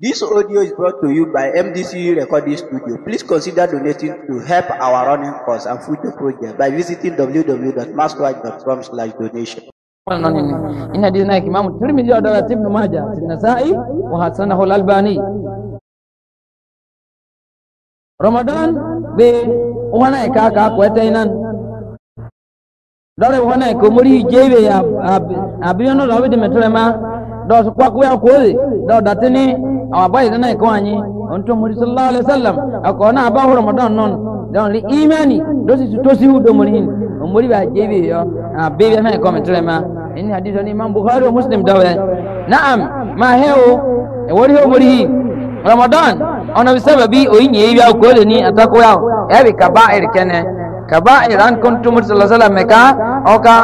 This audio is brought to you by MDCU Recording Studio. Please consider donating to help our running costs and future project by visiting www.maskwatch.com slash donation. إن حديثنا إمام الترمذي ودولة ابن ماجه dɔsu kpakuwe akoore dɔw datini awa bayi dana ikaw anyi onto muri sallallahu alaihi wasallam akɔ na aba horo madan non dɔn li imani dosi su tosi hu do muri hin o muri baa jebi yɔ a ah, bebi afɛn kɔmi tere ma ini hadith oni imam bukhari o muslim dawɛ naam maa hɛ o ewori hɛ o hi ramadan ɔnabi sábà bi oyin yɛ ibi akoore ni atakoya o ɛbi kaba ɛri كبائر أن كنتم صلى الله عليه وسلم كا أو كا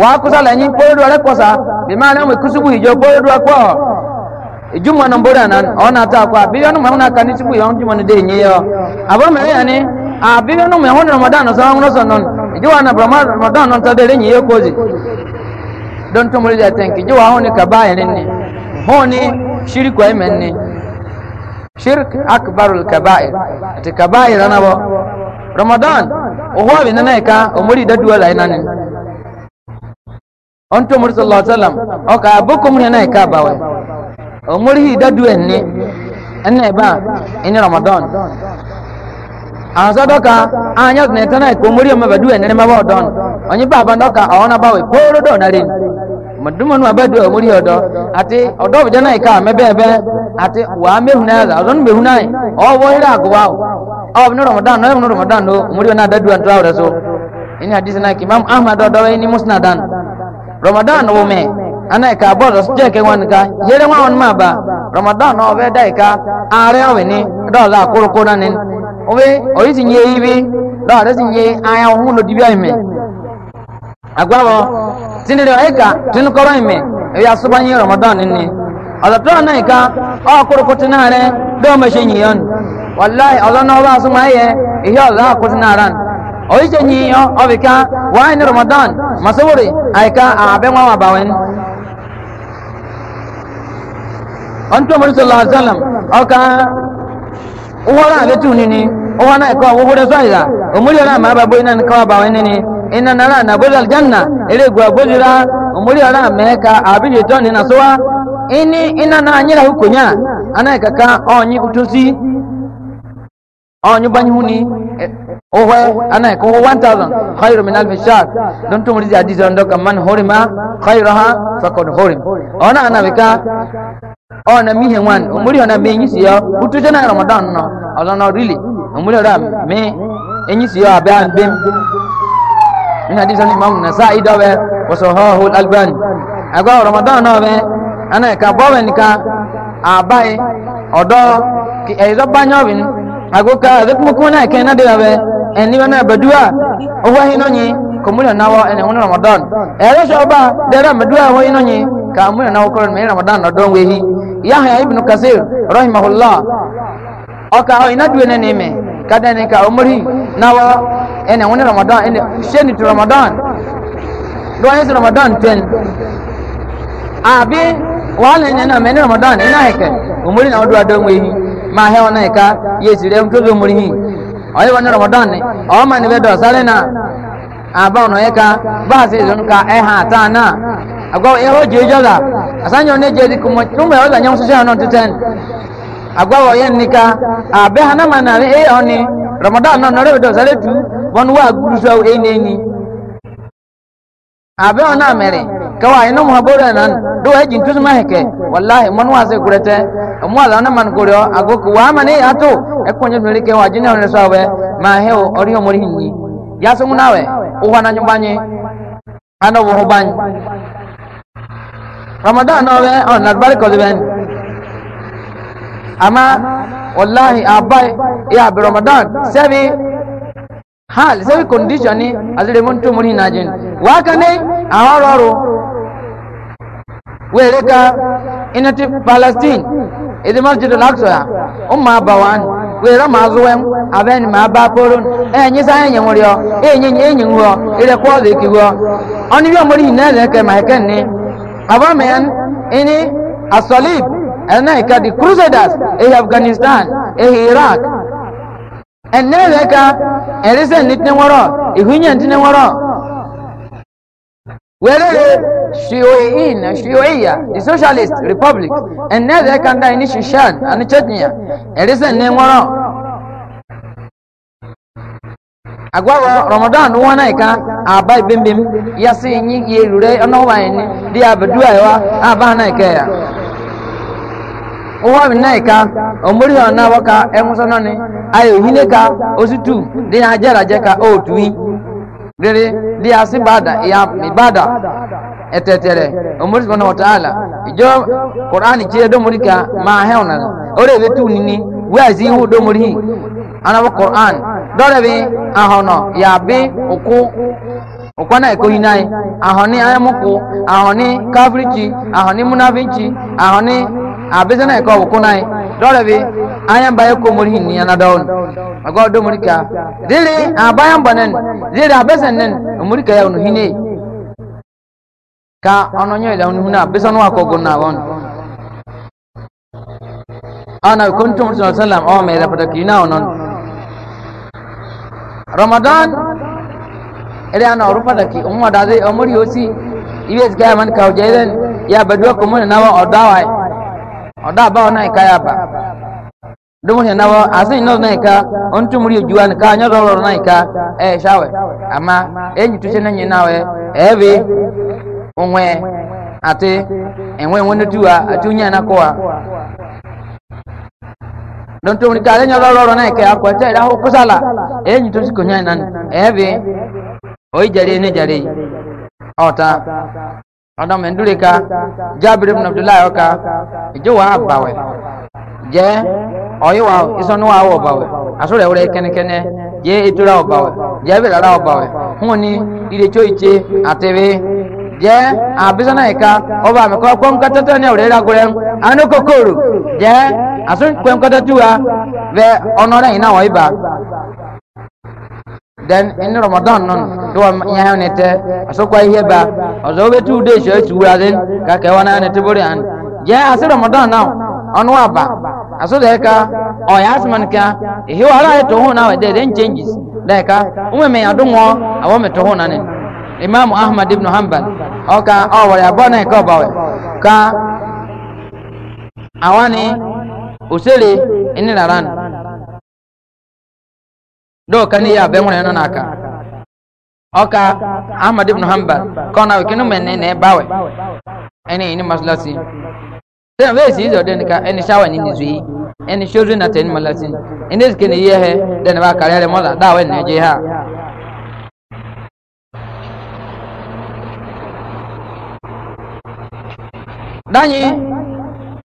واكوسا لاني بولد ولا كوسا بمعنى أم كسبوا يجوا بولد وكوا جمعة نمبرة نان أو ناتا كوا بيجانو مهونا كاني سبوا يوم جمعة ندي نيو أبغى مري يعني أبيجانو مهونا رمضان وسلام نصنون جوا أنا برما رمضان نتدري نيو كوزي don tumuli da tanki jiwa honi kabairin ne honi shirku aimen ne shirk akbarul kaba'ir ati kaba'ir ana bo ramadan ohuwa bi nana ka omori daduwa lai nanin on to muri sallallahu alaihi wasallam o ka boko muri nana ka bawe omori hi daduwa ni enne ba ini ramadan aza doka anya ne tana ko muri ma baduwa ne ma ba don onyi baba doka ona bawe poro don arin madumanu abadu omuri odo ati odo bijana ika mebebe ati wa mehuna za odon mehuna o wo ira go wa o no ramadan no no ramadan no omuri na dadu an tawo so ini hadisi na imam ahmad odo ini musnadan ramadan wo me ana ka bo so je ke wan ka yere wa on ma ba ramadan no be dai ka are o ni do la kurko na ni owe oyi tin ye ibi do re tin ye aya me agbawo tindiri eka tinu koro ime eya suba yin ramadan ni ọlọtọ náà ika ọkùnrin kùtù náà rẹ lóò mẹsẹ yìnyín wàláì ọlọ́nà ọba àsùnmọ̀ ẹ̀yẹ ìyá ọ̀là kùtù náà rán oyiṣẹ́ yìnyín ọ̀bìkà wáyé ní ramadan masowori àyíká àbẹ̀wọ̀n àbàwẹ̀n. ọ̀ntọ́ mọ́rí sọ̀lá àṣàlám ọ̀ka wọ́n rà létí òní ni wọ́n náà ẹ̀kọ́ wọ́wọ́rẹ́ sọ̀rọ̀ òmùrí ọ̀nà àmàbàbọ̀ iná ní káwọ́ àbàwẹ̀n ní ina nara na gozi aljanna ere gwa gozira umuri ara meka abije to ni nasowa ini ina na anyira hukunya ana kaka onyi utusi onyi banyuni e, ohwe ana ko 1000 khairu min alf shahr don tumuri muri hadis on doka man horima ha faqad horim ona ana beka ona mihe wan umuri ona menyisi yo utuje na ramadan no ona no really umuri ara me enyisi yo abe ambem من حديث الإمام النسائي دوه وصحاه الألباني أقول رمضان دوه أنا كبوين كا أباي أدو كي أيضا بانيوين أقول كذلك مكونا كينا دوه أني وانا بدوا هو هنوني كمولا نوا أنا هنا رمضان أريش أبا درا بدوا هو هنوني كمولا نوا كرن من رمضان ندون وهي يحيى ابن كثير رحمه الله أكا هو ينادوا نيمه kada ne ka umri nawa ene wani ramadan ene sheni to ramadan do ene ramadan ten abi wala ne na mena ramadan ina heke umri na odwa don wehi ma he wona ka yesi re mtozo umri hi ayi wani ramadan ne o ma ne be do sare na aba ono eka ba se zon ka e ha ta na agwa e ho jejola asanyo ne jedi kuma tumu ya ola nyamso se ano tuten agwawo yen nika abe hana mana e oni ramadan no nore do sare tu bon wa guru so e ne abe ona mere kawa ino e muhabura nan do e jin tusma heke wallahi mon wa se gurete mo ala na man guryo agoku wa mane ato e konyo mere ke wa jine ma he o ori o mori hinni ya so munawe o hana nyumbanye ano bo hoban ramadan no we on ko Ama wallahi abai ya bi ramadan sebi hal sebi condition ni azire mun to mun hinajin wa kane awaro were ka inati palestine idi masjid al aqsa umma bawan were ma zuwen aben ma ba porun e, e, e nyi sa enyi nwrio e nyi nyi nwro ire kwa de kiwo oni bi omori hinale ke ma e, ken ni abamen ini asolib and now di crusaders in afghanistan in iraq and now they ka and this is nitin waro ihunye nitin waro where shioin the socialist republic and now they can die in shishan and chechnya and this is nitin waro agwawo ramadan wọn náà ka aba ibembem yasi nyi yelure ọnà wọn di abedu ayiwa aba náà kẹyà. ụwa mi na ika omori ha na waka enwuso no ni ayo hile ka ositu dị na jara je ka otu Dịrị dị ya asi bada ya mi bada etetere omori subhanahu wa ta'ala ijo qur'ani che do mori ka ma heona ore be tu nini we azi hu do mori hi ana wa qur'an dore bi ahono ya bi uku ụkwana ekohi nai ahoni ayamuku ahoni kavrichi ahoni munavichi ahoni abizana ko kunai dole bi ayan baye ko murhin ni ana daun ago do murika dile abayan banen dile abesan nen murika ya no hine ka ononyo ila unhuna abesan wa ko gonna won ana kuntum sallam o me pata fataki na onon ramadan ere ana orupa daki umma da zai amuri osi ibe ga man kaujailen ya badwa kuma na wa odawai ọ̀dá àbáwọn náà ìka yaba dumunya nawo asin no na ika ontu muri juan ka nyo ro na ika e shawe ama enyi tu chene nyi nawe ebi onwe ate enwe enwe nutua atunya na kwa don to muri ka nyo ro na ika akwete ra ho kusala enyi tu sikonya nan ebi oi jare ne jare ota ọdọ mẹndúlẹ ká jábìrì ibùdó abdullahi ọkà ìjọ wà àbàwẹ jẹ ọyẹ wà ìsọnù wà wọ ọbàwẹ àsọrọ ẹwúrẹ kẹnẹkẹnẹ jẹ ètòrà ọbàwẹ jẹ ẹbẹrẹra ọbàwẹ hún ni ìdètsọ ìtse àtẹwé jẹ àbísọnà ìka ọba àmìkọ kọńkọtọtọ ní ọrẹ ìdàgọrẹ àánú kòkòrò jẹ àsọrọ kọńkọtọtọ wa bẹ ọnọrẹ yìí náà wọ ibà then in ramadan non do ya hone te asokwa ihe ba ozo be tu de sho tu azin ka ke wana ne te bori an ya as ramadan now onu aba aso de ka o ya asman ka ihe wala e to hona de den changes de ka o me adunwo awo me to hona ne imam ahmad ibn hanbal o oh, ka o wa ya bona ka ba we ka awani usele inilaran do kani ya be ngwana naka oka ahmad ibn hanbal kona kinu menne ne bawe ene ini maslasi tena ve si zo den ka ene shawa ni nizui ene shozu na ten malasin ene skene ye he den ba kare le mola dawe ne je ha danyi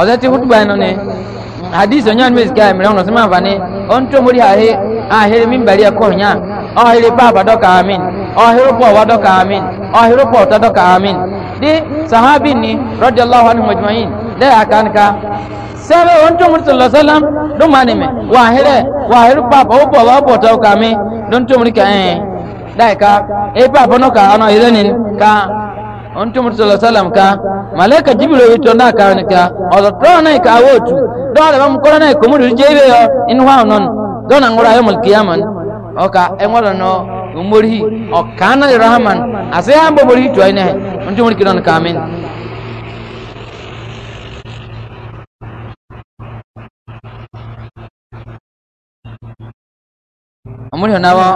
ọ̀sẹ̀ tí hutuba ẹnu ni hadith onyan mi sika ẹ̀mìrẹ́ ọ̀nà sọ́mọ́ àǹfààní ọ̀n tó mórí àhẹ́ àhẹ́rẹ́ mi bàrí ẹ̀kọ́ yàn ọ̀hẹ́rẹ́ pààbà dọ́kà amín ọ̀hẹ́rẹ́ pọ̀ wá dọ́kà amín ọ̀hẹ́rẹ́ pọ̀ ọ̀tọ́ dọ́kà amín di sahabi ni rọ́dí aláwọ̀ ni mọ̀jùmọ̀yìn lẹ́yà kánká sẹ́rẹ̀ ọ̀n tó mórí sọ̀lọ́ sẹ́lám ló máa nì mẹ́ wàhẹ́rẹ́ wàhẹ́rẹ́ pààbà ó pọ̀ wá pọ̀ tọ́ on tumur sallallahu alaihi ka malaika jibril wi to na ka ka odo to na ka wotu do ala bam ko na ko mu je be yo in wa non do na ngora yo mul kiyaman o ka e ngora no umuri o kana rahman ase ambo muri to ina on tumur kidon ka amen amuri na wa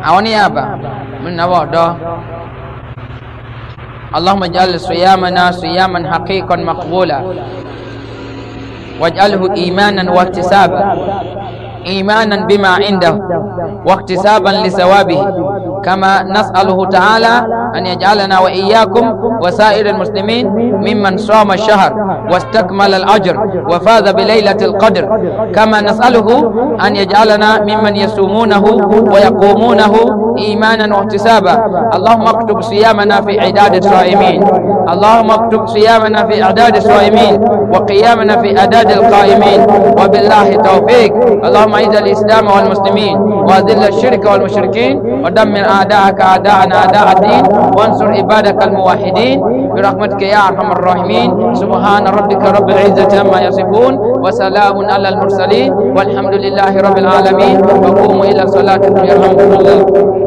awani aba mun na wa do اللهم اجعل صيامنا صياما حقيقا مقبولا واجعله ايمانا واحتسابا إيمانا بما عنده واكتسابا لثوابه كما نسأله تعالى أن يجعلنا وإياكم وسائر المسلمين ممن صام الشهر واستكمل الأجر وفاز بليلة القدر كما نسأله أن يجعلنا ممن يصومونه ويقومونه إيمانا واحتسابا اللهم اكتب صيامنا في عداد الصائمين اللهم اكتب صيامنا في أعداد الصائمين وقيامنا في أعداد القائمين وبالله توفيق اللهم اللهم اعز الاسلام والمسلمين واذل الشرك والمشركين ودمر اعداءك اعداءنا اعداء الدين وانصر عبادك الموحدين برحمتك يا ارحم الراحمين سبحان ربك رب العزه عما يصفون وسلام على المرسلين والحمد لله رب العالمين وقوموا الى صلاتكم يرحمكم الله